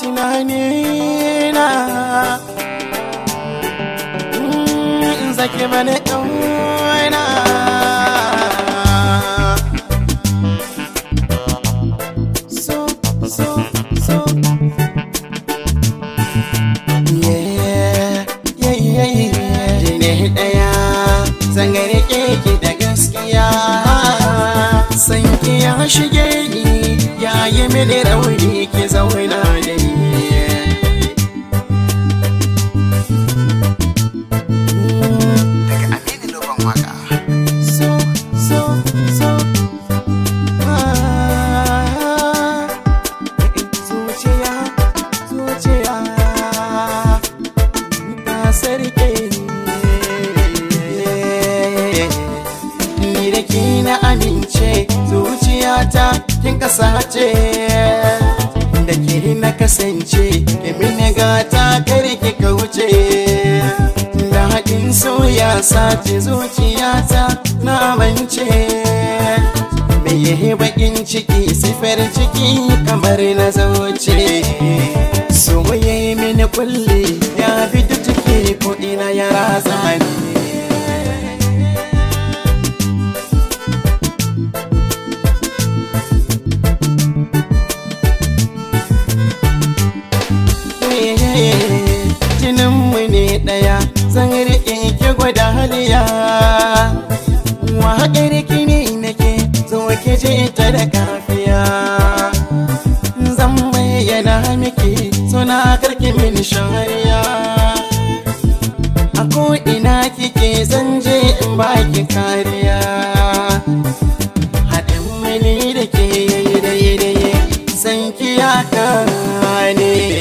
tunanina mm, zaki mana ɗauna so so so yeah yeah yeah yeah ne ɗaya zan gare ki da gaskiya san ki ya shige ni yayi mini rauni ki zauna Ah, na amince zuciyata kin kasace da ke na kasance kemi ne gata kare ke kauce so ya sace zuciyata na mance me yi bakin ciki sifar ciki kamar na zauce so yi mini kulle. Haƙar kini nake zo ke je ta da kafiya Zan bayyana miki suna karki min shariya A ko'ina kike zan je in baki kariya Haɗin mani da ke yayi daidai zan kiya ka ne